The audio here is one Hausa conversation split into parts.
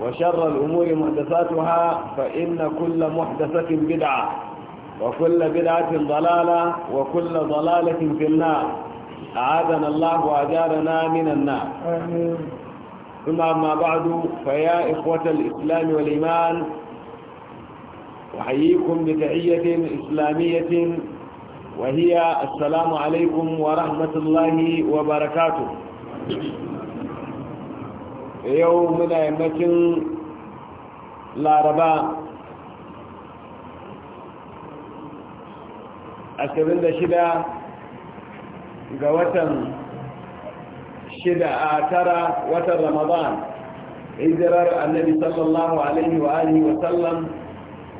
وشر الأمور محدثاتها فإن كل محدثة بدعة وكل بدعة ضلالة وكل ضلالة في النار أعاذنا الله وأجارنا من النار آمين. ثم أما بعد فيا إخوة الإسلام والإيمان أحييكم بتحية إسلامية وهي السلام عليكم ورحمة الله وبركاته yau muna yammacin laraba 26 ga watan shida a tara watan ramadan hijirar annabi sallallahu alaihi wa alihi wa sallam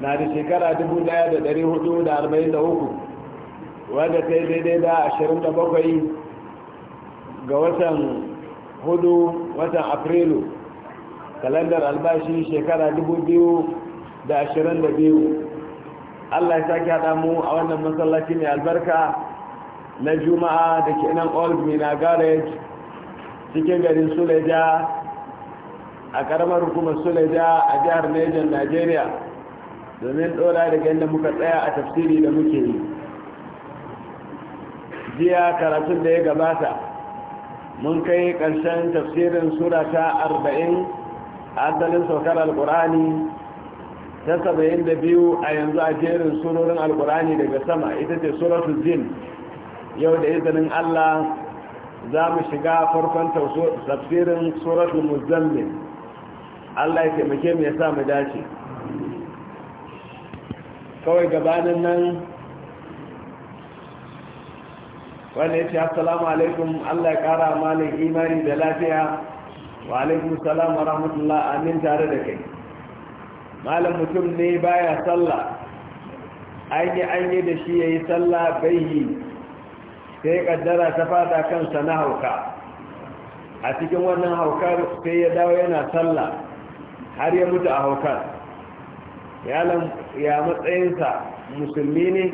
na da shekara 1443 wadda ta yi daidai da 27 ga watan hudu watan afrilu kalandar albashi shekara dubu biyu da ashirin da biyu allah ya sake haɗa mu a wannan masallaci mai albarka na juma'a da ke nan old mina garage cikin garin suleja a ƙaramar hukumar suleja a jihar nejan nigeria domin ɗora daga yadda muka tsaya a tafsiri da muke yi jiya karatun da ya gabata mun kai ƙarshen tafsirin sura ta arba'in asalin saukar alkurani ta saba'in da biyu a yanzu a jerin surorin alkurani daga sama ita ce suratu jin yau da izinin allah za mu shiga farkon tafsirin suratu muzammin allah ya taimake mu sa mu dace kawai gabanin nan wanda ya ce assalamu alaikum allah ya kara malin imani da lafiya wa alaikum salam wa rahmatullah amin tare da kai malam mutum ne baya sallah an yi an yi da shi ya yi sallah bai yi sai kaddara ta fada kansa na hauka a cikin wannan haukar sai ya dawo yana sallah har ya mutu a haukar ya matsayinsa musulmi ne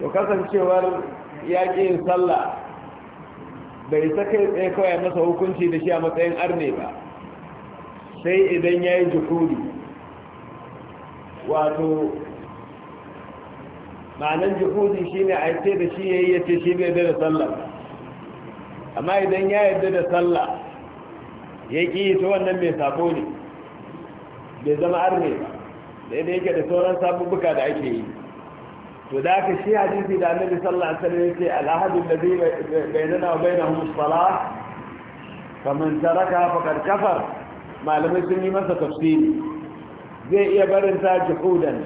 to kasancewar yaƙin yin sallah bai ta kai tsaye kawai masa hukunci da shi a matsayin arne ba sai idan ya yi jukuri wato ma'anan jukuri shi ne a ce da shi ya yi ya ce shi bai da sallah amma idan ya yi da sallah ya ƙi ta wannan mai sako ne bai zama arne ba da yadda yake da sauran sabubbuka da ake yi وذاك الشيء حديث إذا النبي صلى الله عليه وسلم يقول الأهد الذي بيننا وبينهم الصلاة فمن تركها فقد كفر ما لم يسمى مثل تفصيل زي يا برنسا جحودا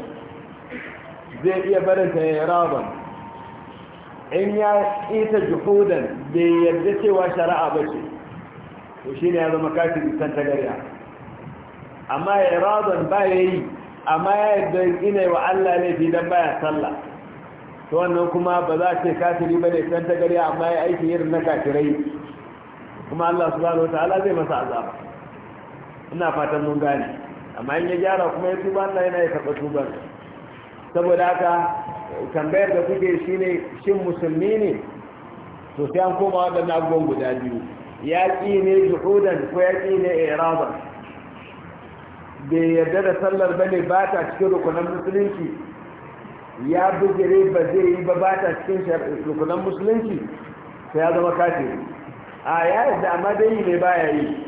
زي يا برنسا إعراضا إن يا يأيت جحودا بيدتي وشرع بشي وشين هذا مكاتب التنتقرية أما إعراضا بايه أما يأيت بإنه وعلى ليه في دبا يصلى to wannan kuma ba za a ce kafiri ba ne san ta gari amma ya aiki irin na kafirai kuma Allah subhanahu wataala zai masa azaba ina fatan mun gane amma in ya gyara kuma ya tuba Allah yana ya karɓa tuban saboda haka tambayar da kuke shine shin musulmi ne to sai an koma waɗannan abubuwan guda biyu ya ƙi ne juhudan ko ya ƙi ne iraban bai yarda da sallar bane ba ta cikin rukunan musulunci ya bijire ba zai yi ba ba ta cikin rukunan musulunci sai ya zama kafiri a ya yadda amma dai yi ba ya yi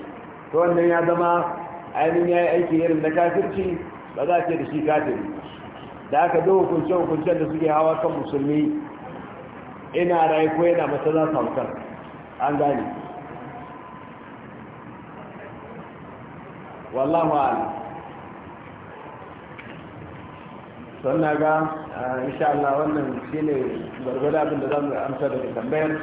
Ta wannan ya zama ainihin ya yi aiki irin na kafirci ba za a ce da shi kafiri da aka zo hukunce-hukuncen da suke hawa kan musulmi ina rai ko yana matsala sautar an gane wallahu ala don na ga insha Allah wannan shi ne gwargwada abin da za mu amsa daga tambayar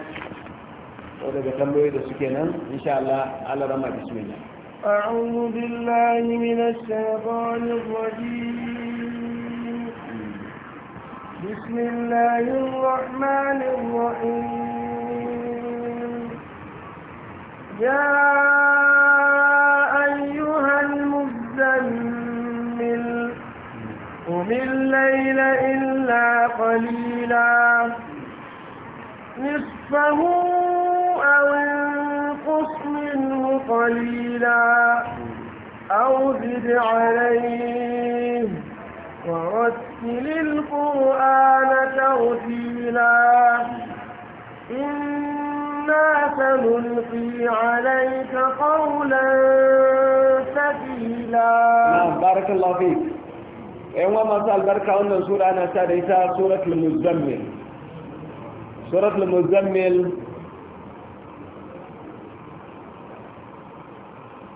ko daga tambayoyi da suke nan insha Allah Allah rama bismillah أعوذ بالله من الشيطان الرجيم بسم الله الرحمن الرحيم يا في الليل إلا قليلا نصفه أو انقص منه قليلا أو زد عليه ورتل القرآن ترتيلا إنا سنلقي عليك قولا ثقيلا نعم بارك الله فيك yan wa masu albarka wannan sura na sa da ita suratul muzammil suratul muzammil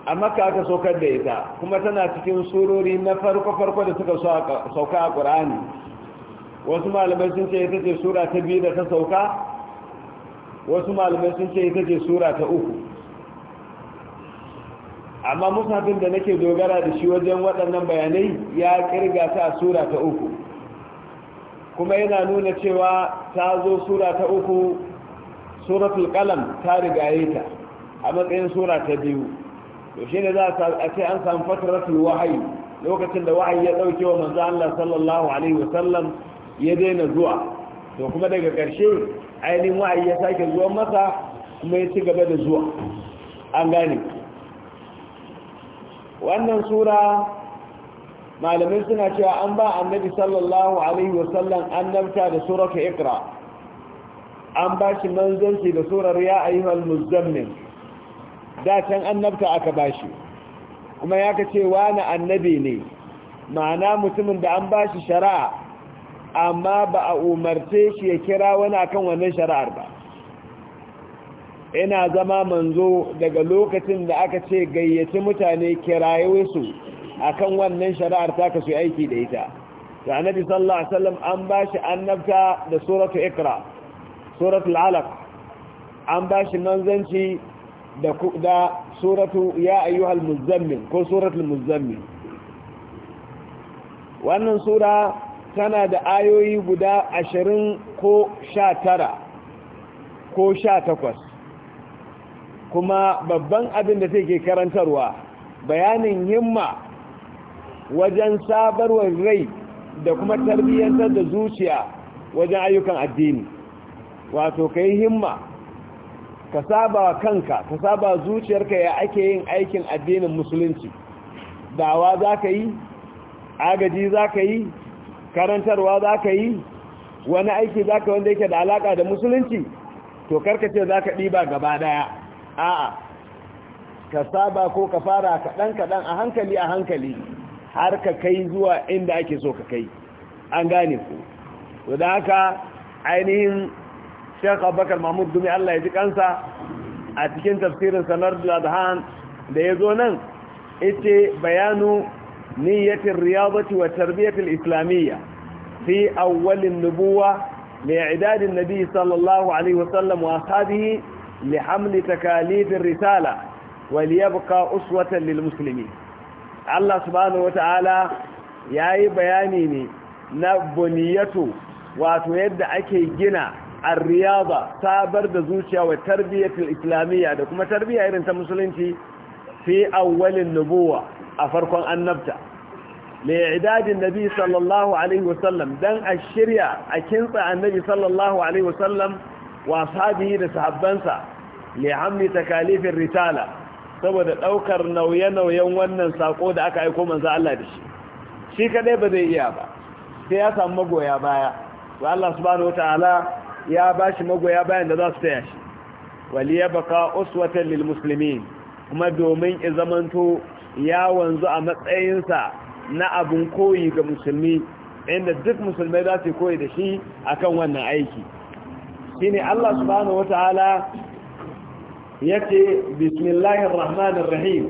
a maka aka saukar da ita kuma tana cikin surori na farko-farko da suka sauka a ƙur'ani wasu malamai sun ce ita ce sura ta biyu da ta sauka wasu malamai sun ce ita ce sura ta uku amma musafin da nake dogara da shi wajen waɗannan bayanai ya kirga ta sura ta uku kuma yana nuna cewa ta zo sura ta uku suratul kalam ta rigaye ta a matsayin sura ta biyu to shi za a ce an samu fataratul wahayi lokacin da wahayi ya ɗauke wa manzo Allah sallallahu alaihi wasallam ya daina zuwa to kuma daga ƙarshe ainihin wahayi ya sake zuwa masa kuma ya ci gaba da zuwa an gane wannan sura malamai suna cewa an ba annabi sallallahu alaihi wasallam annabta da suratu ikra an ba shi manzanci da surar ya ayyuhal muzammil da can annabta aka ba shi kuma ya ka ce wani annabi ne ma'ana mutumin da an ba shi shari'a amma ba a umarce shi ya kira wani akan wannan shari'ar ba Ina zama manzo daga lokacin da aka ce gayyaci mutane kiraye su akan wannan shari'ar ta kasu aiki da ita da annabi sallallahu alaihi wasallam an shi annabta da suratu ikra suratul alaq an ba shi manzanci da da suratu ya ayyuhal muzammil ko suratul muzammil wannan sura tana da ayoyi guda ashirin ko sha tara ko sha takwas kuma babban abin da take karantarwa bayanin himma wajen sabarwar rai da kuma tarbiyyantar da zuciya wajen ayyukan addini wato ka himma ka saba kanka ka saba zuciyarka ya ake yin aikin addinin musulunci dawa za ka yi agaji za ka yi karantarwa za ka yi wani aiki za ka wanda yake da alaka da musulunci to karkace za ka ɗiba gaba ɗaya a'a ka saba ko ka fara kaɗan-kaɗan a hankali a hankali har ka kai zuwa inda ake so ka kai an gane ku to da haka ainihin shek abubakar mahmud dumi allah ya ji kansa a cikin tafsirin sanar da adhan da ya zo nan ita bayanu niyyatin riyadati wa tarbiyyatul islamiyya fi awwalin nubuwa mai idadin nabi sallallahu alaihi wasallam wa ashabihi lihamli takalifin risala waliyabka uswatan lil musulmi Allah subhanahu wata'ala ya yi bayani ne na buniyatu wato yadda ake gina arriyaba sabar da zuciya wa tarbiyyatul islamiyya da kuma tarbiyya irin ta musulunci fi awwalin nubuwa a farkon annabta لإعداد النبي صلى الله عليه وسلم دان الشريعة أكنت النبي صلى الله عليه وسلم wa sahabihi da sahabbansa li'amli takalifin ritala saboda daukar nauye-nauyen wannan sako da aka aiko manzo Allah da shi shi kadai ba zai iya ba sai ya samu magoya baya wa Allah subhanahu wataala ya bashi magoya bayan da za su taya shi waliya baka uswatan lil muslimin kuma domin ya zamanto ya wanzu a sa na abun koyi ga musulmi inda duk musulmai za su koyi da shi akan wannan aiki shine Allah subhanahu wataala yace bismillahir rahmanir rahim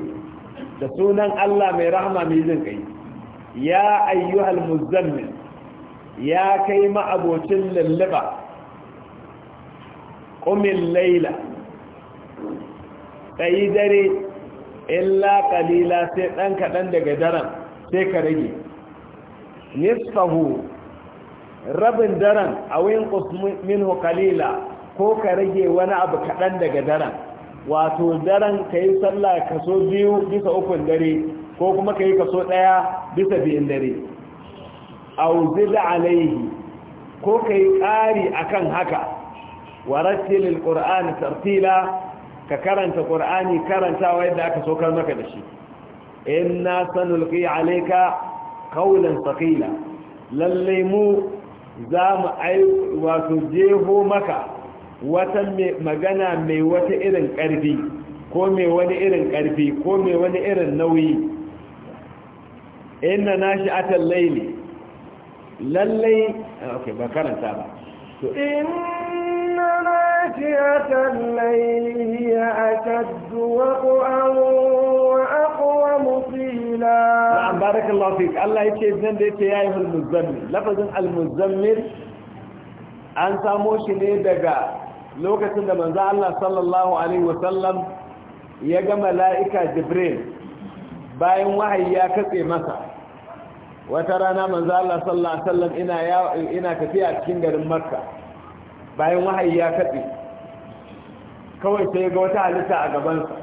da sunan Allah mai rahama mai jin kai ya ayyuhal muzammil ya kai ma'abocin lallaba qumil layla kai dare illa qalila sai dan kadan daga daren sai ka rage nisfahu rabin daren a wayin minhu qalila ko ka rage wani abu kaɗan daga daren wato daren ka yi sallah kaso biyu bisa ukun dare ko kuma ka yi kaso ɗaya bisa biyun dare auzila alaihi ko ka yi ƙari akan haka warattilil qur'ani tartila ka karanta karanta karantawa yadda aka sokar maka da shi inna sanulqi alayka qawlan thaqila Lallai mu za mu wato jeho maka wata magana mai wata irin ƙarfi ko mai wani irin ƙarfi ko mai wani irin nauyi inna na shi atan laili lallai ok ba karanta ba to inna na shi atan laili ya ashaddu wa ƙu'an wa aqwa musi قليلا نعم بارك الله فيك الله يكي زن ديك يا أيها المزمل لفظ المزمل an samo shi ne daga lokacin da manzo Allah sallallahu alaihi wasallam ya ga mala'ika Jibril bayan wahayi ya katse masa wata rana manzo Allah sallallahu alaihi wasallam ina ina tafiya cikin garin Makka bayan wahayi ya katse kawai sai ga wata halitta a gaban sa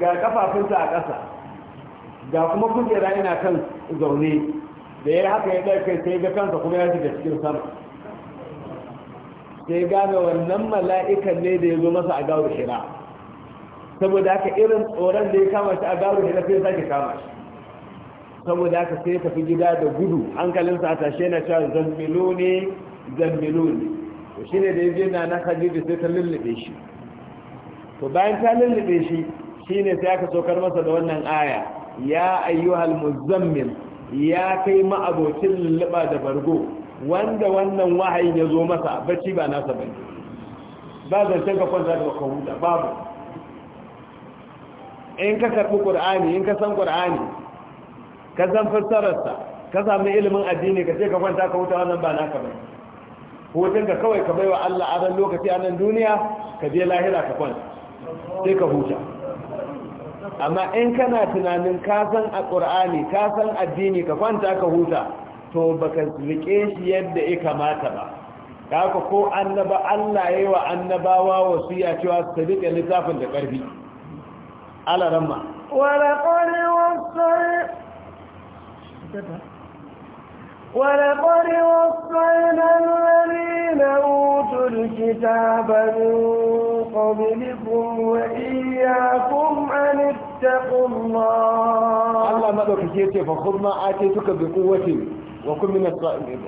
ga kafafunsa a ƙasa ga kuma kujera ina kan zaune da ya haka ya ɗaya kai sai ga kansa kuma ya shiga cikin sama sai gane wannan mala'ikan ne da ya zo masa a gawar shira saboda haka irin tsoron da ya kama shi a gawar shira sai ya sake kama shi saboda haka sai ya tafi gida da gudu hankalin sa tashe na cewa zammilo ne zammilo ne to shi ne da ya je na na hajji sai ta lullube shi to bayan ta lullube shi shi ne sai aka saukar masa da wannan aya ya ayyuhal muzammil ya kai abokin lulluɓa da bargo wanda wannan wahayin ya zo masa bacci ba nasa ba ne ba zancen ka kwanta da ka huta babu in ka karɓi ƙur'ani in ka san ƙur'ani ka san fassararsa ka sami ilimin addini ka ce ka kwanta ka huta wannan ba naka ba hutun ka kawai ka bai wa Allah a ran lokaci a nan duniya ka je lahira ka kwanta sai ka huta amma in kana tunanin ka san a ƙur'ani ka san addini ka kwanta ka huta to baka rike shi yadda ya kamata ba haka ko annaba Allah ya yi wa annabawa wasiya cewa su rike littafin da ƙarfi ala ramma wa laqad ولقد وصينا الذين أوتوا الكتاب من قبلكم وإياكم أن اتقوا الله الله ما دوك جيتي فخذ ما آتيتك بقوة وكن من الصائمين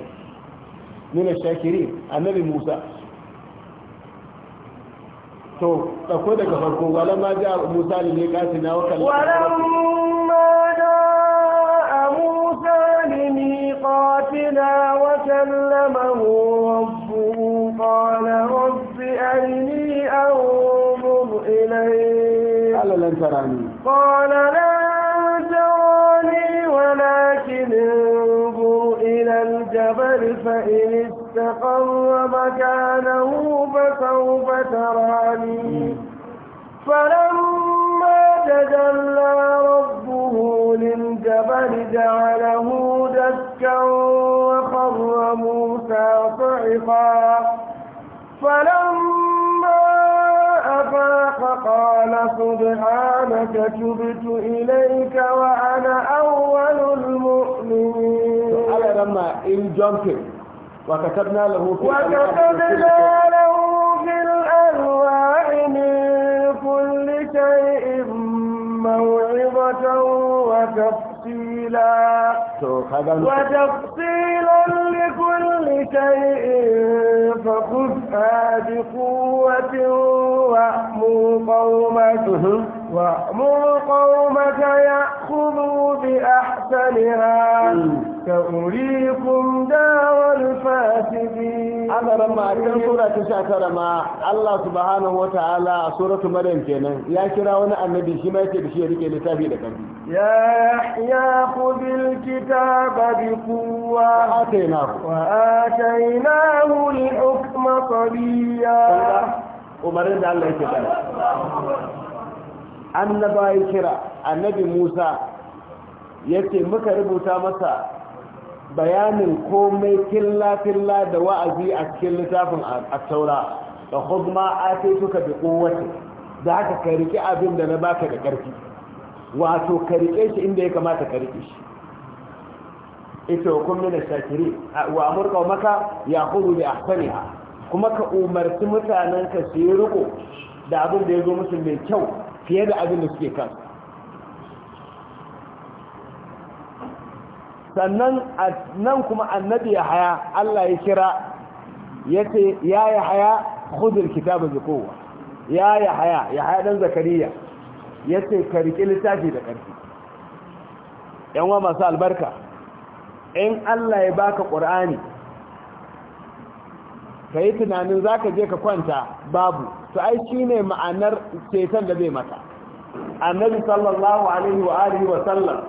من الشاكرين النبي موسى تو تقول لك farko ولما جاء موسى ne ne ولما كان ميقاتنا وكلمه ربه قال رب أرني أنظر إليه قال لن تراني قال لن تراني ولكن انظر إلى الجبل فإن استقر مكانه فسوف تراني الجبال جعله دكا وخر موسى صعقا فلما أفاق قال سبحانك تبت إليك وأنا أول المؤمنين لما إن جنك وكتبنا له في وكتبنا له في الألواح من كل شيء موعظة وكفر تفصيلا وتفصيلا لكل شيء فخذها بقوة وأمر قومك وأمر قومك يأخذوا بأحسنها سأريكم دار الفاسدين أنا رمى أكثر سورة شاكرة ما الله سبحانه وتعالى سورة مريم كينا يا كراونا النبي شما يتبشي ركي لتابي يا يحيى خذ الكتاب بقوة وآتيناه وآتيناه الحكم صبيا umarin دعال الله yake bane annaba النبي موسى yake muka rubuta masa bayanin komai killa-killa da wa'azi a cikin littafin taura da huzma a sai suka bi kowace da haka ka abin da na baka da ƙarfi wato ka riƙe shi inda ya kamata ka riƙe shi ita hukun mina shakiri wa amurka maka ya kudu da ahsaniha kuma ka umarci mutanen ka su yi riko da abin da ya zo musu mai kyau fiye da abin da suke kansu sannan nan kuma annabi ya haya Allah ya kira ya ce ya ya haya hudur kitabun zikowa ya ya haya ya haya ɗan zakariya ya ce ka riƙe littafi da ƙarfi yan wa masu albarka in Allah ya baka ƙur'ani ka yi tunanin za ka je ka kwanta babu to ai shi ne ma'anar ceton da zai mata annabi sallallahu alaihi wa alihi wa sallam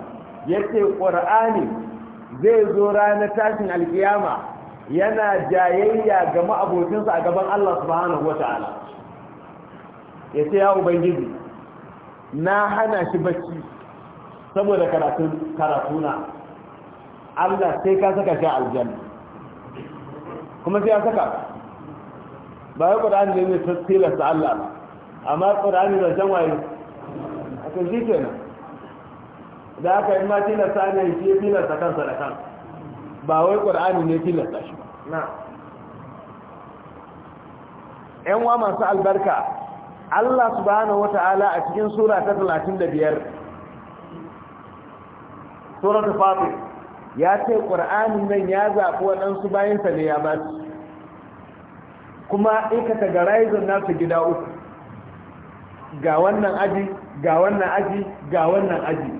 ya ce ƙur'ani zai zo ranar tashin alkiyama yana jayayya ga ma'abocinsa a gaban Allah subhanahu wa ta'ala ya ce ya ubangiji na hana shi bacci saboda karatuna Allah sai ka saka shi aljanna kuma sai ya saka ba ya ƙudani ne mai su Allah amma ƙudani da janwaye a kan jikin da aka yi ma tilasta ya shi ya tilasta kansa da kansa ba wai ƙur'ani ne tilasta shi ba yan wa masu albarka Allah wata wata'ala a cikin sura ta 35 ta fafi ya ce ƙur'ani nan ya zaɓi waɗansu bayansa ne ya ba su kuma ika tagarizin nasu gida uku ga wannan aji ga wannan aji ga wannan aji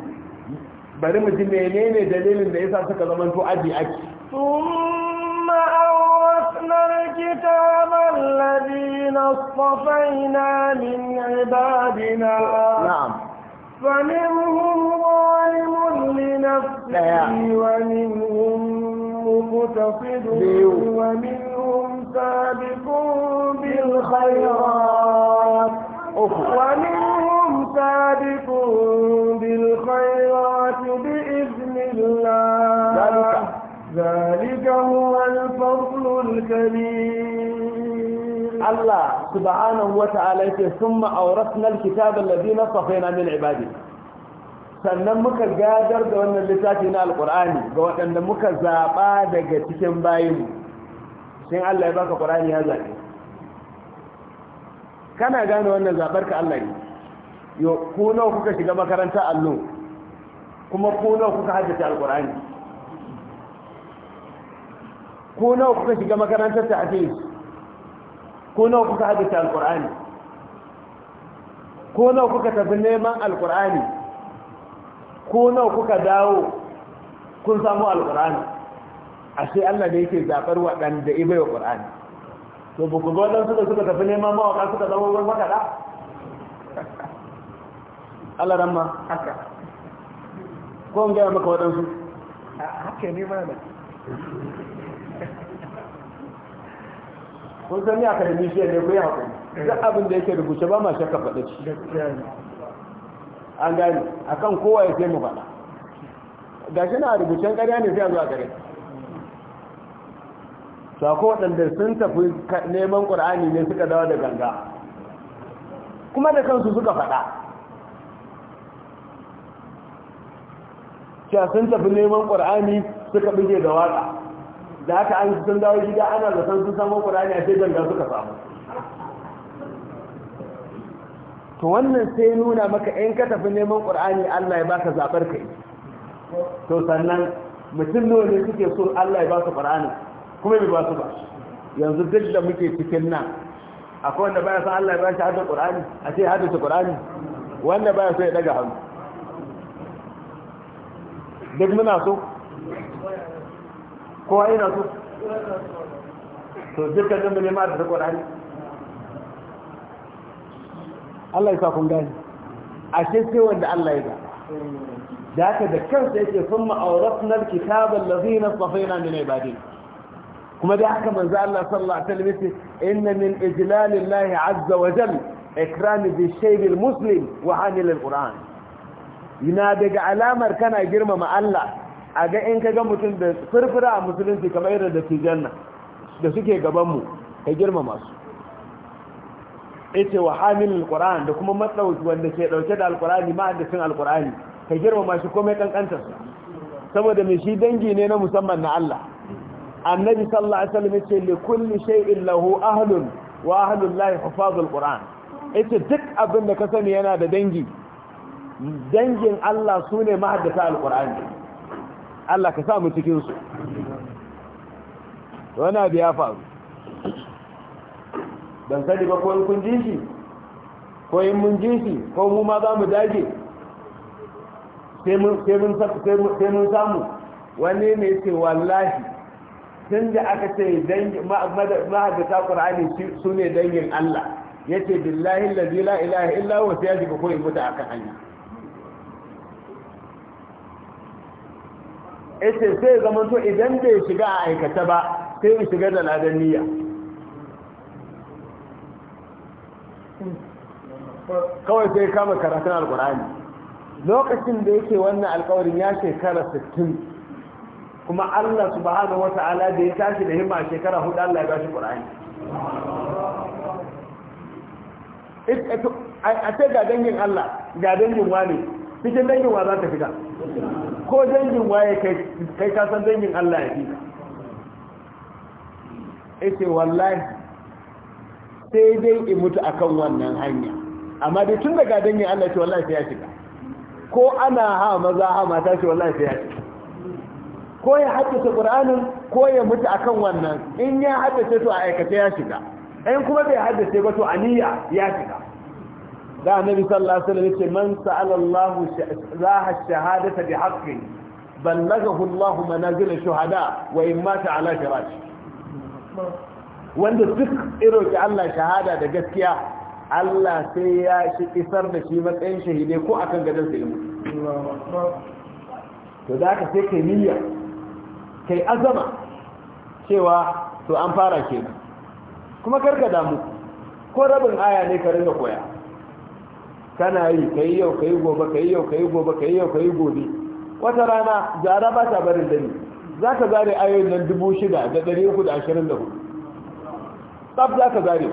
bari mu ji menene dalilin da yasa suka zama to aji aji thumma awrasna alkitaba alladhina safaina min ibadina na'am فمنهم ظالم لنفسه ومنهم مقتصد ومنهم سابق بالخيرات ومنهم سابق بالخيرات ذلك هو الفضل الكبير الله سبحانه وتعالى ثم أورثنا الكتاب الذي نصفنا من عباده sannan muka gadar da wannan littafi na alkur'ani ga waɗanda muka zaɓa daga cikin bayinmu shin Allah ya baka ƙur'ani ya zaɓe kana gane wannan zaɓar ka Allah ne yo ku nawa kuka shiga makaranta allon? kuma ku nawa kuka haddace alkur'ani ko nawa kuka shiga makarantar ta hadis ko nawa kuka hadita Alƙur'ani? ko nawa kuka tafi neman Alƙur'ani? ko nawa kuka dawo kun samu a ashe Allah ne yake zabar waɗanda wa ƙur'ani to ba ku ga waɗansu suka tafi neman mawaka suka zama wani makaɗa Allah ramma haka ko n gaya maka waɗansu haka ne ma da kun sani a kadamishiya ne ku yi haƙuri duk abin da yake rubuce ba ma shakka faɗa ci an gani a kan kowa ya sai mu faɗa ga shi na rubucen ƙarya ne sai a zuwa ƙarya sako waɗanda sun tafi neman ƙur'ani ne suka dawo da ganga kuma da kansu suka faɗa cewa sun tafi neman ƙur'ani suka buge da waƙa da haka an sun dawo gida ana zaton sun samu ƙur'ani a sai da suka samu to wannan sai nuna maka in ka tafi neman ƙur'ani Allah ya baka zaɓar kai to sannan mutum nawa ne suke so Allah ya baka su ƙur'ani kuma bai ba su ba yanzu duk da muke cikin nan akwai wanda baya san Allah ya baka hadda ƙur'ani a ce hadda ƙur'ani wanda baya so ya daga hannu duk muna so kowa yana so to dukkanin mu ne ma da Qur'ani Allah ya sa kun gani ashe sai wanda Allah ya zaba da haka da kansa yake thumma awratna alkitaba alladhina safayna min ibadina kuma da haka manzo Allah sallallahu alaihi wasallam yace inna min ijlalillahi azza wa jalla ikrami bi shaybil muslim wa hanil alquran ina daga alamar kana girmama Allah a ga in ka ga mutum da furfura a musulunci kamar irin da tijanna da suke gabanmu ka girmama su ita wa hamilin alkur'an da kuma matsauci wanda ke dauke da alkur'ani ma'adacin alkur'ani ka girmama shi komai kankantar saboda mai shi dangi ne na musamman na Allah annabi sallallahu alaihi wasallam yace li kulli shay'in lahu ahlun wa ahlul lahi hufazul qur'an ita duk abin da ka sani yana da dangi dangin Allah sune mahaddata alkur'ani Allah ka sa mu cikin su wani abu ya faru ban sani ba ko kun ji shi ko in mun ji shi ko mu ma za mu dage sai mun samu wani ne ce wallahi tun da aka ce mahaddata ƙur'ani su ne dangin Allah ya ce billahi lalzila ilaha illa sai ya ko in mutu aka hanya ita sai zaman to idan bai shiga a aikata ba sai in shiga da ladan niyya kawai sai kama karatun alkur'ani lokacin da yake wannan alkawarin ya shekara 60 kuma Allah subhanahu wata'ala da ya tashi da himma shekara hudu Allah ya shi qur'ani a ce ga dangin Allah ga dangin wani cikin dangin wa za ta fita ko dangin waye kai ka san dangin Allah ya ake ita wallahi sai dai in mutu akan wannan hanya amma dai tun daga dangin Allah ce wallahi sai ya shiga ko ana ha maza ha mata ce wallahi sai ya shiga ko ya haddace Qur'anin ko ya mutu akan wannan in ya haddace to a aikata ya shiga in kuma bai haddace ba to aniya ya shiga da annabi sallallahu alaihi wasallam yace man sa'ala Allah zaha shahadata bi haqqi ballagahu Allah manazil shuhada wa in mata ala firash wanda duk iroki Allah shahada da gaskiya Allah sai ya shi isar da shi matsayin shahide ko akan gadon sa to da ka sai kai niyya kai azama cewa to an fara kenan kuma karka damu ko rabin aya ne ka ringa koya kana yi kai yau kai gobe kai yau kai gobe kai yau kai gobe wata rana jara ba ta barin dani za ka zare ayoyin nan dubu shida da ɗari uku da ashirin da hudu tsaf za ka zare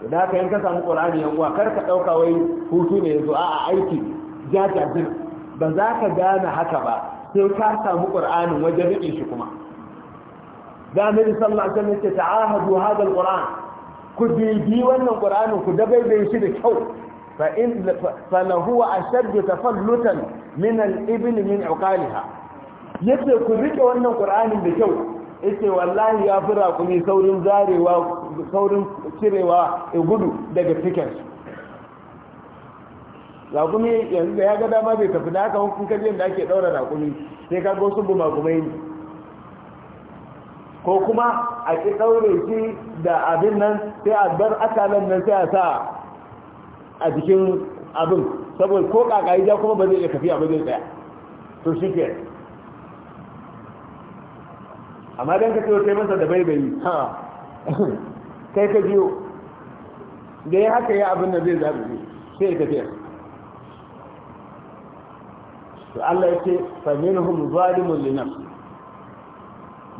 su da haka yanka samu ƙorani yan uwa kar ka ɗauka wai hutu ne yanzu a aiki jajajin ba za ka gane haka ba sai ka samu ƙor'anin wajen riƙe shi kuma da annabi sallallahu alaihi wasallam ya ce ta'ahadu quran ku bibi wannan ƙur'anin ku dabaibaye shi da kyau فلهو أشد min من الإبل من Ya yace ku rike wannan qur'anin da kyau yace wallahi ya fi ku saurin zarewa saurin cirewa e gudu daga cikin raƙumi yanzu da ya ga dama bai tafi da haka hukun da ake daura raƙumi sai ka ga wasu buma ne ko kuma a ƙi ɗaure shi da abin nan sai a bar akalan nan sai a sa a jikin abin saboda ko ƙaƙayi ja kuma ba zai iya tafiya ba zai tsaya to shi ke amma don ka ce wata masa da bai bai ha kai ka biyo da ya haka ya abin nan zai zaɓi sai ya tafiya to Allah ya ce minhum zalimun li nafsi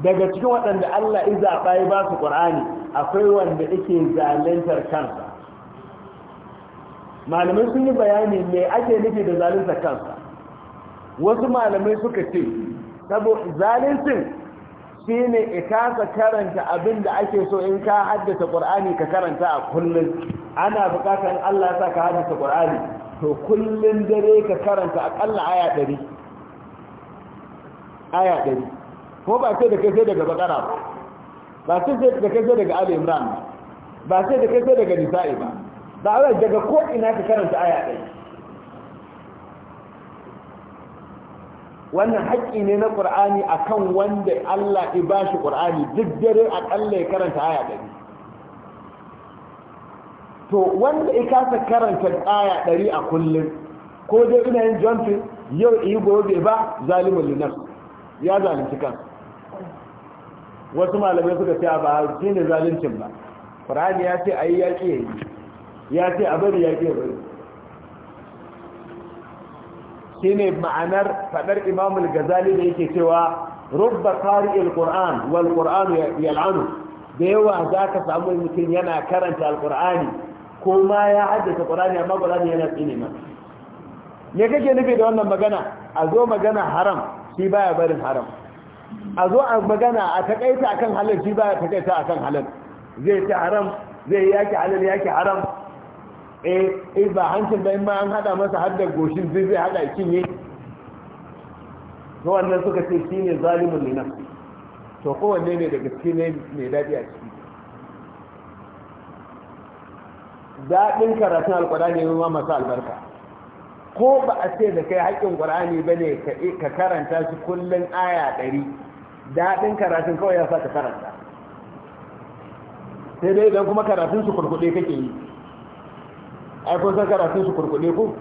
daga cikin waɗanda Allah iza ya ba su ƙur'ani akwai wanda yake zalantar kansa malamai sun yi bayani me ake nufi da zalintar kansa wasu malamai suka ce saboda zalintin shi ne ikasa karanta abin da ake so in ka haddasa ƙur'ani ka karanta a kullum ana buƙatar Allah sa ka haddasa ƙur'ani to kullum dare ka karanta aƙalla aya ɗari aya ɗari ko ba sai da kai sai daga bakara ba ba sai da kai sai daga ali imran ba sai da kai sai daga nisa'i ba ba wai daga ko ina ka karanta aya ɗaya wannan haƙƙi ne na ƙur'ani akan wanda Allah ya bashi ƙur'ani duk dare a kalle ya karanta aya ɗaya to wanda ya kasa karanta aya ɗari a kullum ko dai ina yin jumping yau iya gobe ba zalimin linas ya zalunci kansa wasu malamai suka ce ba shi ne zalincin ba ƙur'ani ya ce a yi yaƙi ya yi ya ce a bari yaƙi ya bari shi ne ma'anar faɗar imamul gazali da yake cewa rubba qari'il qur'an wal ya yal'anu da yawa za ka samu mutum yana karanta alqur'ani ko ma ya haddasa ƙur'ani amma ƙur'ani yana tsine ma me kake nufi da wannan magana a zo magana haram shi baya barin haram a zo a magana a takaita akan halal shi baya takaita akan halal zai ci haram zai yaki halal yaki haram eh eh ba hancin da in ma an hada masa haddar goshin zai zai hada shi ne to wannan suka ce ne zalimin li nafsi to kowanne ne daga cikin ne mai dadi a ciki daɗin karatun alkwada ne ma masu albarka ko ba a ce da kai haƙƙin ƙur'ani ba ne ka karanta shi kullum aya ɗari daɗin karatun kawai ya sa ka karanta sai dai idan kuma karatun su kurkuɗe kake yi ai kun san karatun su kurkuɗe ku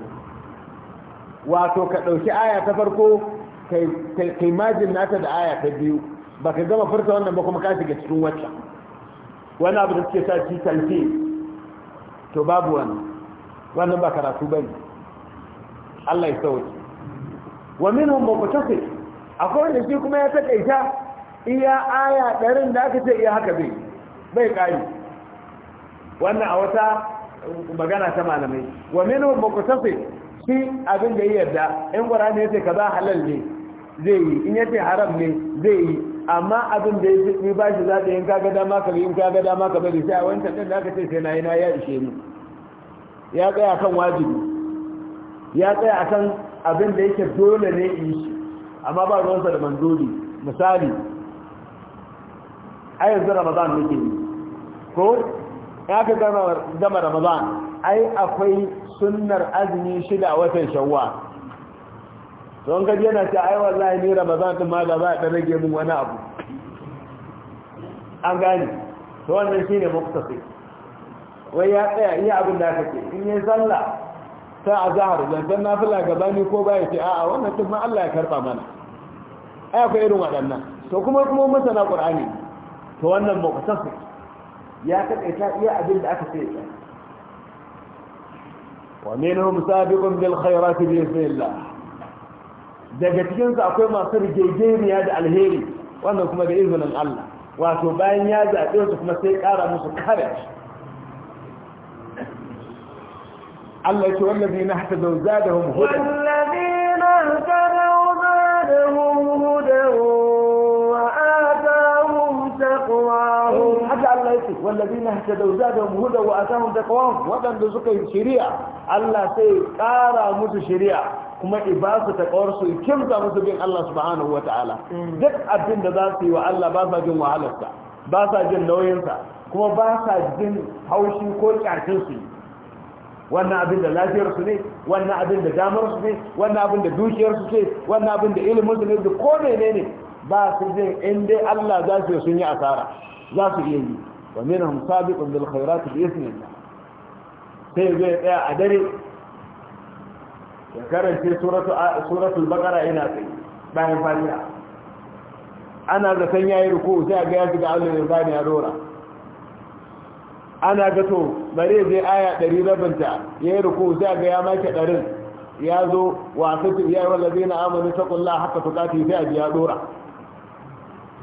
wato ka ɗauki aya ta farko ka majin nata da aya ta biyu ba ka gama furta wannan ba kuma ka shiga cikin wacce wani abu da suke sa ci talfi to babu wani wannan ba karatu ba ne Allah ya sauke wa minhum muqtasid akwai wanda shi kuma ya takaita iya aya ɗarin da aka ce iya haka bai bai kai wannan a wata magana ta malamai wa minhum muqtasid shi abin da ya yarda in qur'ani yace kaza halal ne zai yi in yace haram ne zai yi amma abin da "Ni ba shi zaɓi in kaga dama ka bi in kaga dama ka bari sai a wancan din da aka ce sai na yi na ya ishe ni ya tsaya kan wajibi ya tsaya kan abin da yake dole ne in shi amma ba ruwansa da mandoli misali a yanzu ramadan muke yi ko ya fi gama ramadan ai akwai sunnar azumi shida a watan shawwa don gaji yana ce ai wallahi ne ramadan din ma da za a ɗan rage mun wani abu an gani to wannan shine muktasi wai ya tsaya iya abin da aka ce in yi zalla ta a zahar zanzan nafila gabani ko baya ce a'a wannan duk ma Allah ya karba mana ai akwai irin waɗannan to kuma kuma masana ƙur'ani to wannan muqtasir ya takaita iya abin da aka ce wa minu musabiqun bil khairati bi ismillah daga cikin su akwai masu rigegeniya da alheri wannan kuma da izinin Allah wato bayan ya zabe su kuma sai ƙara musu kare. Allah ya ce wallazi na hata da zadahum huda wallazi na hata da zadahum huda wa atahum taqwahum eh, haka Allah ya ce wallazi na hata da zadahum huda wa atahum taqwahum Waɗanda suka yi shari'a Allah sai ƙara musu shari'a kuma ibasu ta kawar kimta musu bin Allah subhanahu ta'ala. Hmm. duk abin da za su yi wa Allah ba sa jin wahalarsa ba sa jin nauyinsa kuma ba sa jin haushi ko ƙarfin su yi wannan abin da lafiyar su ne wannan abin da damar su ne wannan abin da dukiyar su ce wannan abin da ilimin su ne da ko ne ba su je in dai Allah za su sun yi asara za su iya yi wa minhum sabiqun bil khairati bi ismillah sai zai tsaya a dare ya karance suratu suratul baqara ina tsaye bayan fatiha ana zaton yayi ruku sai ga ya shiga Allah ya bani ya ana gato, to bare zai aya ɗari rabinta ya yi ruku sai ga ya make ɗarin ya zo wa sassu iya yawan zai na amini ta kulla haka tukati sai a biya dora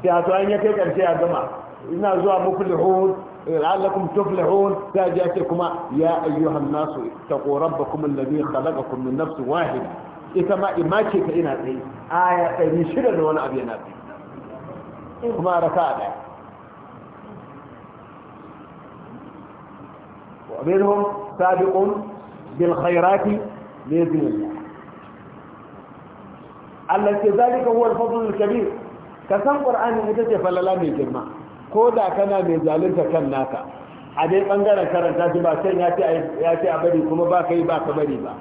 sai a to an ya kai ƙarshe ya gama ina zuwa muku kuma ya تفلحون تاجاتكما يا أيها الناس اتقوا ربكم الذي خلقكم من نفس واحدة ita ma imace ta ina tsaye aya ɗari shida da wani abu yana tsaye kuma raka a ɗaya ومنهم سابق بالخيرات بإذن الله الذي ذلك هو الفضل الكبير كسان قرآن يتجه فلا من جمع كودا كنا من ذلك كان ناكا عدين قنقر كرن تاتي باسين ياتي أبدي كما باكي باك بني با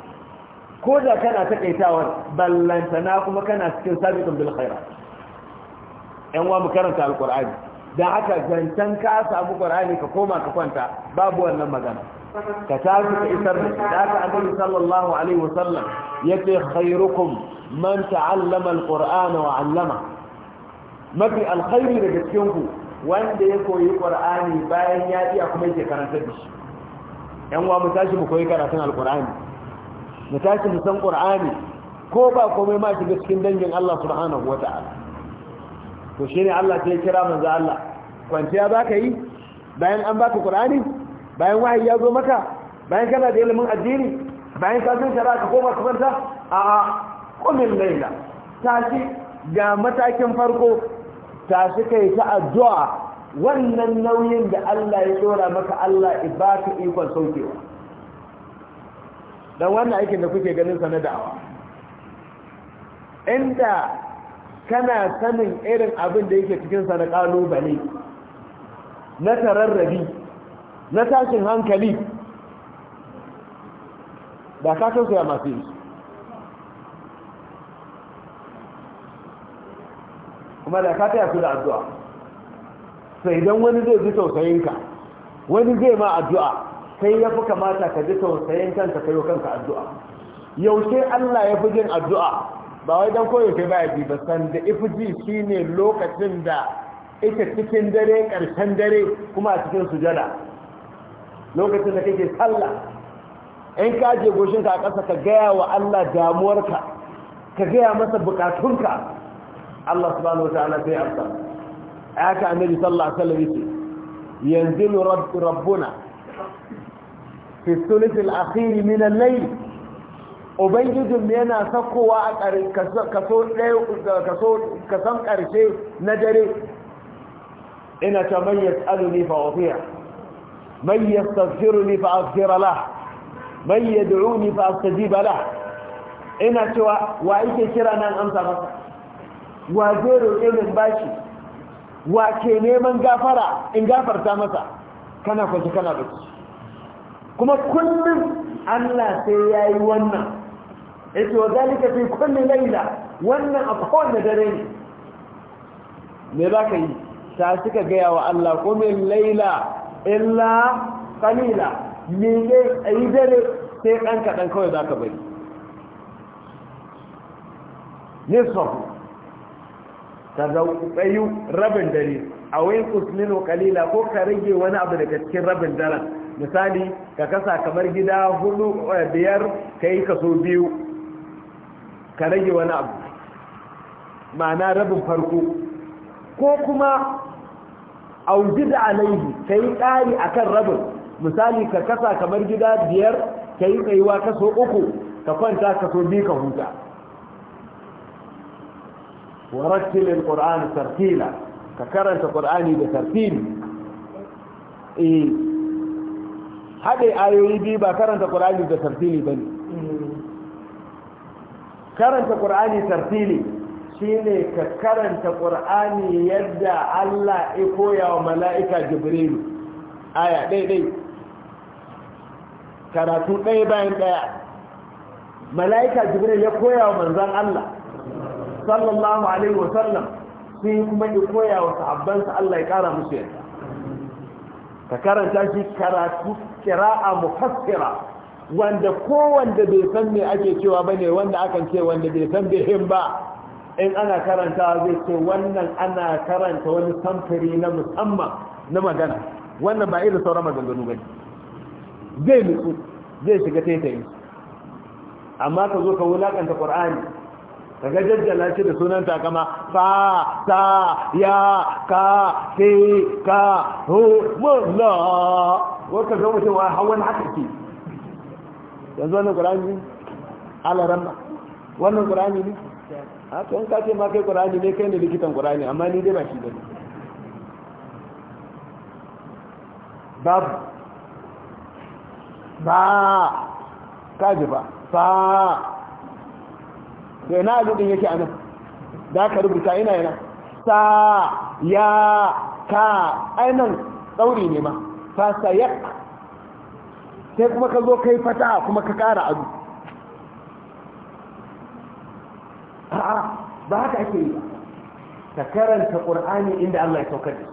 كودا كنا تقي تاور بل لن تناكم كنا سكن سابق بالخيرات انوام كرن تاتي القرآن da haka zancen ka samu ƙwararri ka koma ka kwanta babu wannan magana ka tashi ka isar da shi da haka annabi sallallahu alaihi wasallam ya ce khairukum man ta'allama alqur'ana wa 'allama mafi alkhairi daga cikin ku wanda ya koyi qur'ani bayan ya iya kuma yake karanta da shi yan uwa mu tashi mu koyi karatun alqur'ani mu tashi mu san qur'ani ko ba komai ma shiga cikin dangin Allah subhanahu wata'ala to shi ne Allah sai kira manzo Allah kwanciya ba ka yi bayan an baka ƙur'ani bayan wahayi ya zo maka bayan kana da ilimin addini bayan ka san shara ka koma ka kwanta a kumin laila tashi ga matakin farko tashi kai ta addu'a wannan nauyin da Allah ya tsora maka Allah ibaka ikon saukewa dan wannan aikin da kuke ganin sana da'awa inda kana sanin irin abin da yake cikin na ƙalubale. na tararrabi na tashin hankali da ka tausaya masu yi kuma da ka taya su da addu'a sai don wani zai ji tausayinka wani zai ma addu'a sai ya fi kamata ka ji tausayin kanka kai kanka addu'a yaushe Allah ya fi jin addu'a ba wai don koyaushe ba ya ji ba san da ifi ji shi ne lokacin da ita cikin dare ƙarshen dare kuma a cikin sujada lokacin da kake sallah in ka je goshinka a ƙasa ka gaya wa Allah damuwarka ka gaya masa bukatunka Allah subhanahu wa ta'ala sai amsa ayaka annabi sallallahu alaihi wasallam yace yanzilu rabbuna fi thuluth al-akhir min al-layl ubangijin yana sakowa a kaso kaso kasan ƙarshe na dare ina ta man yas'aluni fa ufiya man yastaghfiruni fa aghfira lah man yad'uni fa astajiba lah ina cewa wa yake kira nan amsa masa wa zai roƙe min bashi wa ke neman gafara in gafarta masa kana kwanci kana baki kuma kullum Allah sai ya yi wannan yake wa zalika fi laila wannan a kowane dare ne me za ka yi ta suka gaya wa Allah kumin laila illa kalila a ayi dare sai ɗan kaɗan kawai za ka bari nisfahu ta tsayu rabin dare a wayin kusminu kalila ko ka rage wani abu daga cikin rabin daren misali ka kasa kamar gida hudu eh, biyar ka yi kaso biyu ka rage wani abu ma'ana rabin farko ko kuma au jiza alaihi kai kari akan rabin misali ka kasa kamar gida biyar kai tsayuwa kaso uku ka kwanta kaso biyu ka huta wa rattilil qur'ana tartila ka karanta qur'ani da tartili eh hade ayoyi biyu ba karanta qur'ani da tartili bane mm. karanta qur'ani tartili shine ka karanta ƙur'ani yadda Allah ya koya wa mala'ika jibrilu aya ɗaiɗai karatu ɗaya bayan ɗaya mala'ika jibrilu ya koya wa manzan Allah sallallahu alaihi wasallam sai kuma ya koya wa sahabbansa Allah ya ƙara musu yadda ka karanta shi karatu kira'a mufassira wanda kowanda bai san me ake cewa bane wanda akan ce wanda bai san bihin ba in ana karanta zai ce wannan ana karanta wani samfuri na musamman na magana wannan ba irin sauran maganganu ba zai nutsu zai shiga taitayi amma ka zo ka wulakanta ƙwar'ani ka ga jajjala da sunan takama fa sa ya ka ke ka ho mula wata ga mutum wa hawan haka ke yanzu wannan ƙwar'ani ne alaramma wannan ƙwar'ani ne a to ka ce ma kai qur'ani ne kai ne likitan qur'ani amma ni dai ba shi bane babu ba kaji ba ba da ina din yake anan da ka rubuta ina yana sa ya ka ainan tsauri ne ma fa sayak sai kuma ka zo kai fata kuma ka kara abu a'a ba haka ake yi ka karanta qur'ani inda Allah ya saukar da shi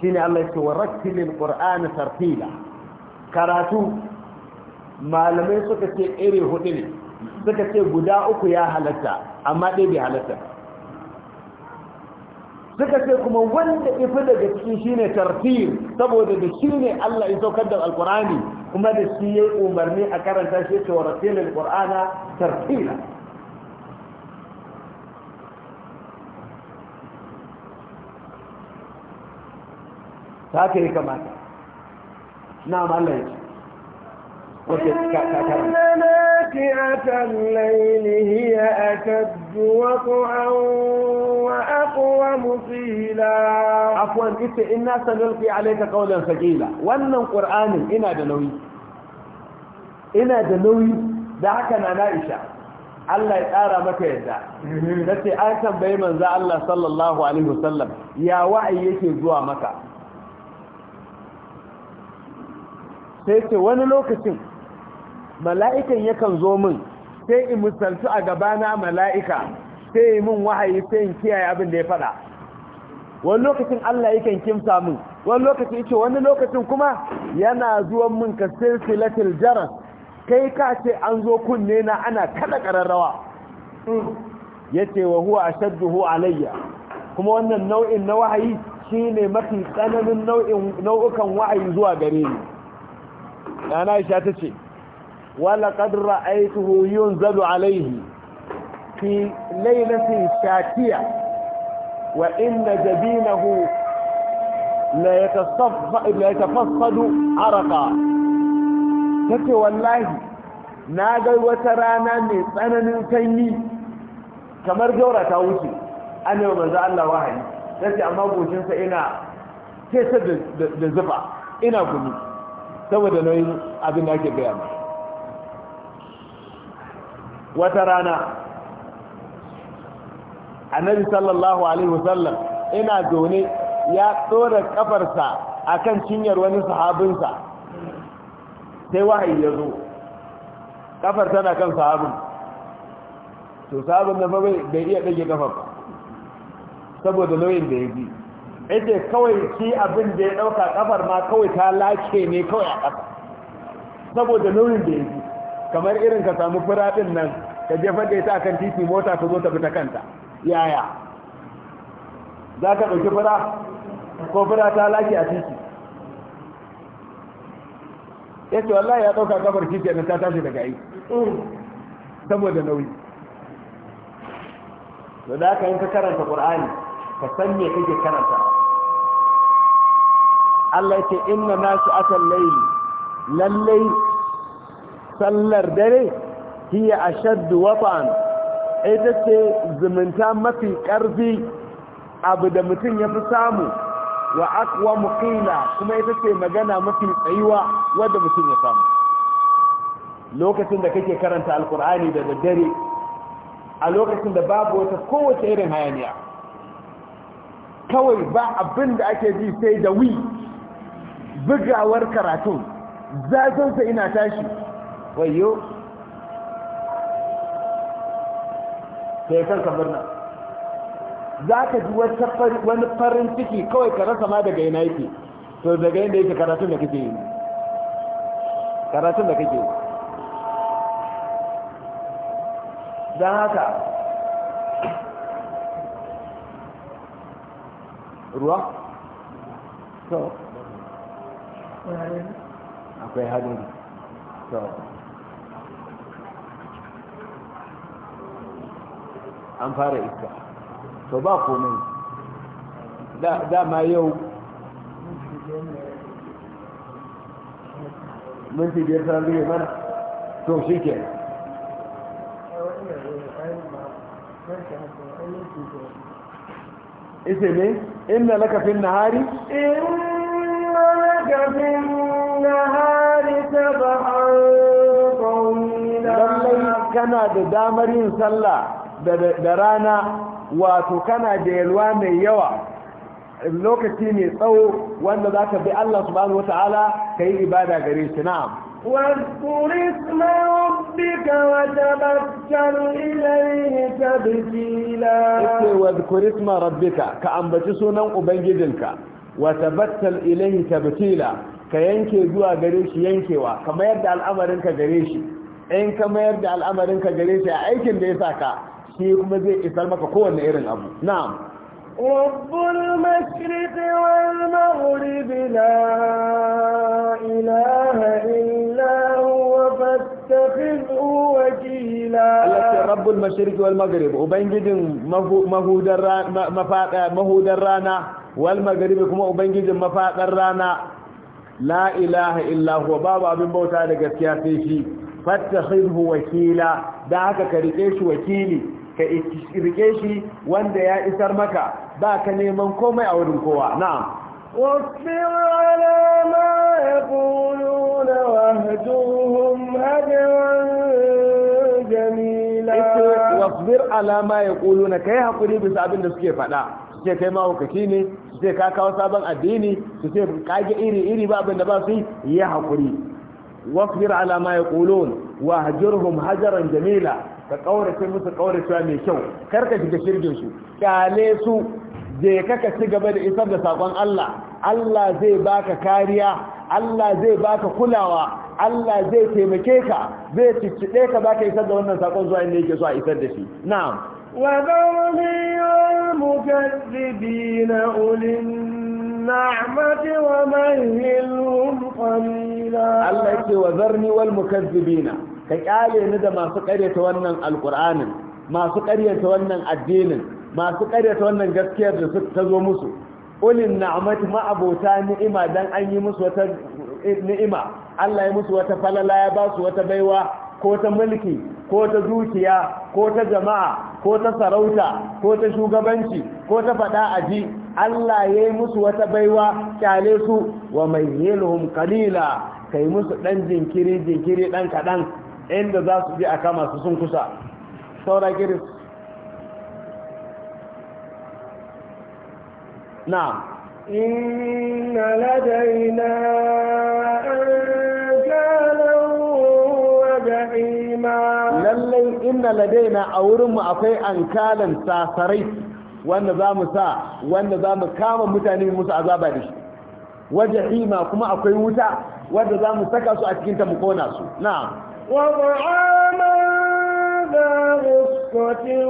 shine Allah ya ce warattilil qur'ana tartila karatu malamai suka ce iri hudu ne suka ce guda uku ya halatta amma ɗaya bai halatta suka ce kuma wanda ifi daga cikin shine tartil saboda da shine Allah ya saukar da alqur'ani kuma da shi ya yi umarni a karanta shi ce wa rasilin ƙur'ana tartila ta ka yi kamata na mallaye ce wace ka karanta Afuwan ita ina sanar fi alaika kaunar sakila, wannan ƙur'anin ina da nauyi, ina da nauyi da haka na na’isha, Allah ya tsara maka yadda, da ce an tambayi manza Allah sallallahu ya wa’ayi yake zuwa maka. Sai ce wani lokacin, mala’ikan yakan zo min sai in misaltu a gabana mala'ika sai min wahayi sai in kiyaye abin da ya faɗa wani lokacin Allah yakan kimsa min wani lokacin ce wani lokacin kuma yana zuwan min ka silsilatil jaras kai ka ce an zo kunne na ana kada kararrawa ce wa huwa a ashadduhu alayya kuma wannan nau'in na wahayi shine mafi tsananin nau'ukan wahayi zuwa gare ni Nana Aisha ce. ولقد رأيته ينزل عليه في ليلة شاكية وإن جبينه لا يتفصد عرقا تكي والله ناقل وترانا من سنن سيني kamar jaura ta wuce an yi manzo Allah wahayi sai amma goshinsa ina sai da zufa ina gumi saboda nauyin abin da ake gaya wata rana annabi sallallahu alaihi wasallam ina zaune ya tsora kafarsa akan cinyar wani sahabinsa sai wahayi ya zo kafar tana kan sahabin to sahabin na bai bai iya dage kafar ba saboda nauyin da ya ji, ita kawai shi abin da ya dauka kafar ma kawai ta lace ne kawai a kasa saboda nauyin da ya ji. kamar irin ka samu firaɗin nan ka je da ita akan titi mota ka zo ta fita kanta yaya za ka ɗauki fura ko fura ta laki a titi ya ce wallahi ya ɗauka kafar titi na ta tashi daga yi saboda nauyi da da ka yin ka karanta ƙur'ani ka san me kake karanta Allah ya ce inna nasu akan laili lallai sallar dare hiya ashaddu wata'an ita ce zumunta mafi ƙarfi abu da mutum ya fi samu wa aqwa muqila kuma ita ce magana mafi tsayuwa wanda mutum ya samu lokacin da kake karanta alkur'ani da daddare a lokacin da babu wata kowace irin hayaniya kawai ba abin da ake ji sai da wi bugawar karatun zafinsa ina tashi wayo sai kanka murna za ka ji wani farin ciki kawai ka rasa ma daga yana yake to daga inda yake karatun da kake yi karatun da kake yi don haka ruwa? so akwai hadin so an fara iska to ba komai dama yau minti biyar ta rage mana to shi ke ise ne inna laka fin nahari inna laka fin nahari sabahan kana da damar yin sallah da rana wato kana da yalwa mai yawa lokaci mai tsawo wanda za ka bi Allah subhanahu wata'ala ka yi ibada gare shi na'am واذكر اسم ربك وتبتل إليه تبتيلا واذكر اسم ربك كأنبت سنة أبنجدنك وتبتل إليه تبتيلا كينكي زوا قريش ينكيوا كما يبدأ الأمر انك قريش in ka mayar da al'amarinka gare shi a aikin da ya ka shi kuma zai isar maka kowanne irin abu na'am رب المشرق والمغرب لا إله إلا هو فاتخذه وكيلا التي رب المشرق والمغرب وبنجد مهود الرانا والمغرب كما وبنجد مفاق الرانا لا إله إلا هو بابا بن بوتا لك سياسي فاتخذه وكيلا دعك كريكيش وكيلي ka rike shi wanda ya isar maka ba ka neman komai a wurin kowa na'am واصبر على ما يقولون واهجوهم هجرا جميلا واصبر على ما يقولون كي haƙuri bisa abin da suke faɗa suke kai mahaukaci ne suke ce kawo sabon addini suke kage iri iri ba abin da ba su yi hakuri wasbir ala ma yaqulun wahjurhum hajaran jamila ka kaurace musu kauracewa mai kyau karka shiga shirgin su kyale su je kaka ci gaba da isar da sakon Allah Allah zai baka kariya Allah zai baka kulawa Allah zai taimake ka zai ciccide ka baka isar da wannan sakon zuwa inda yake so a isar da shi na'am wa dawli al-mukaththibin ulin na'mati wa mahilhum qalila Allah yake wa zarni wal mukaththibina ka kyale ni da masu karyata wannan alkur'anin masu karyata wannan addinin masu karyata wannan gaskiyar da ta zo musu ulin ma abota ni'ima dan an yi musu wata ni'ima Allah ya musu wata falala ya ba su wata baiwa ko ta mulki ko ta zuciya ko ta jama'a ko ta sarauta ko ta shugabanci ko ta fada aji Allah ya yi musu wata baiwa kyale su wa mai yelhum kalila kai musu dan jinkiri jinkiri dan kadan inda za su bi a kama su sun kusa saura giris na inna ladaina lallai inna ladaina a wurinmu akwai ankalan sasarai wanda za mu sa wanda za kama mutane musu azaba da shi waje hima kuma akwai wuta wanda za mu saka su a cikin tamkona su na'am وطعاما ذا غصة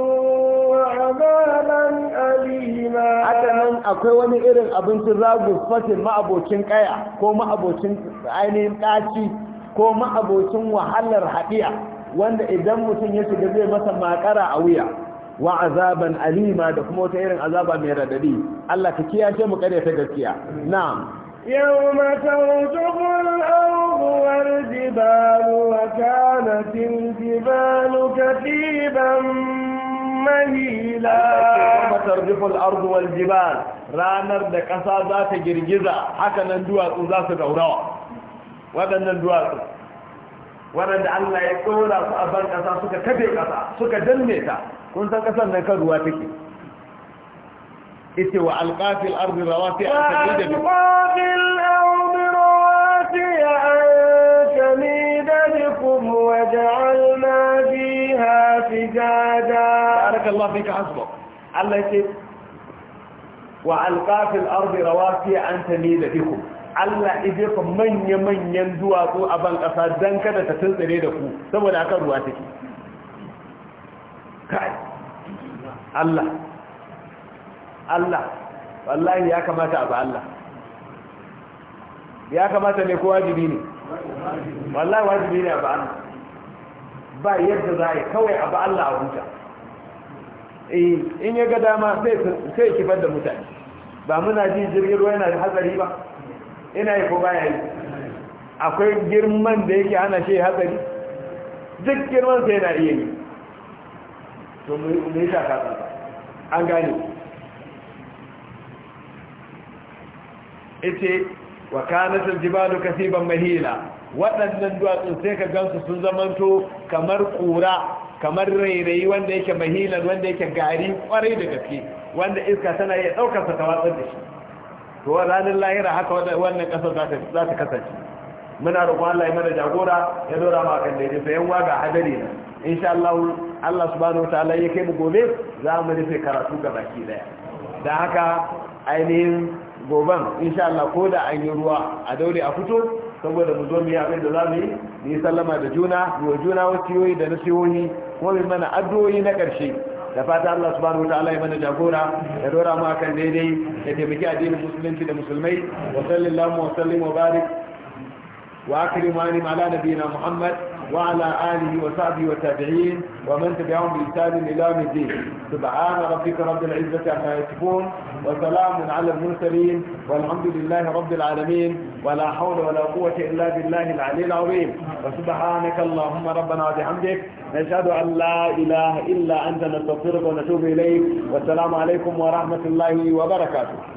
وعذابا أليما أتمنى أكوي وني إرن أبنت الراجل ما أبوكين كايا كو ما عينين ko ma'abocin wahalar haɗiya wanda idan mutum ya shiga zai masa makara a wuya wa azaban alima da kuma wata irin azaba mai radadi Allah ka kiyace mu kare ta gaskiya na'am yawma tawjuhul والجبال وكانت الجبال كثيبا مهيلا وترجف الأرض والجبال رانر دكسا ذات جرجزة حكا ندوات ذات دوروا ودن ندوات waɗanda Allah ya tsora su a ban ƙasa suka kafe ƙasa suka danne ta kun san ƙasar nan kan ruwa take ita wa alƙafil arzi rawati a tafi da وجعلنا فيها فجاجا بارك الله فيك حسبك الله يقول وألقى في الأرض رواسي أن تميد بكم Allah ije ku manya-manyan duwatsu a ban ƙasa don kada ta tuntsire da ku saboda akan ruwa take. Kai, Allah, Allah, wallahi ya kamata abu Allah. Ya kamata ne ko wajibi ne? Wallahi wajibi ne abu Allah. ba yadda za a kawai abu Allah a huta eh, in ya ga dama sai kifar da mutane ba muna ji jirgin ruwa yana da hatsari ba ina yi ko baya yi akwai girman da yake ana ce hatsari duk girman sai yana iya yi to mu yi kasa an gane ita wa kanatar jibalu kasiban mahila waɗannan duwatsun sai ka gansu sun zamanto kamar ƙura kamar rairayi wanda yake mahilan wanda yake gari kwarai da gaske wanda iska tana iya ɗaukarsa ta watsar da shi to ranar lahira haka wannan ƙasar za ta kasance muna roƙon Allah ya mana jagora ya dora ma kan daidai sai yan ga hadari na insha Allah Allah subhanahu wataala ya kai mu gobe za mu rufe karatu ga baki daya da haka ainihin goban insha Allah ko da an yi ruwa a daure a fito saboda mu zo mu yi abin da za mu yi mu yi sallama da juna mu juna wasiyoyi da nasihohi kuma mu mana addu'o'i na ƙarshe da fata Allah subhanahu wataala ya mana jagora ya dora mu akan daidai ya taimaki addinin musulunci da musulmai wa sallallahu wa sallim wa barik wa akrim wa ala nabiyina muhammad وعلى آله وصحبه والتابعين ومن تبعهم بإنسان إلى مدين سبحان ربك رب العزة عما يصفون وسلام على المرسلين والحمد لله رب العالمين ولا حول ولا قوة إلا بالله العلي العظيم وسبحانك اللهم ربنا وبحمدك نشهد أن لا إله إلا أنت نستغفرك ونتوب إليك والسلام عليكم ورحمة الله وبركاته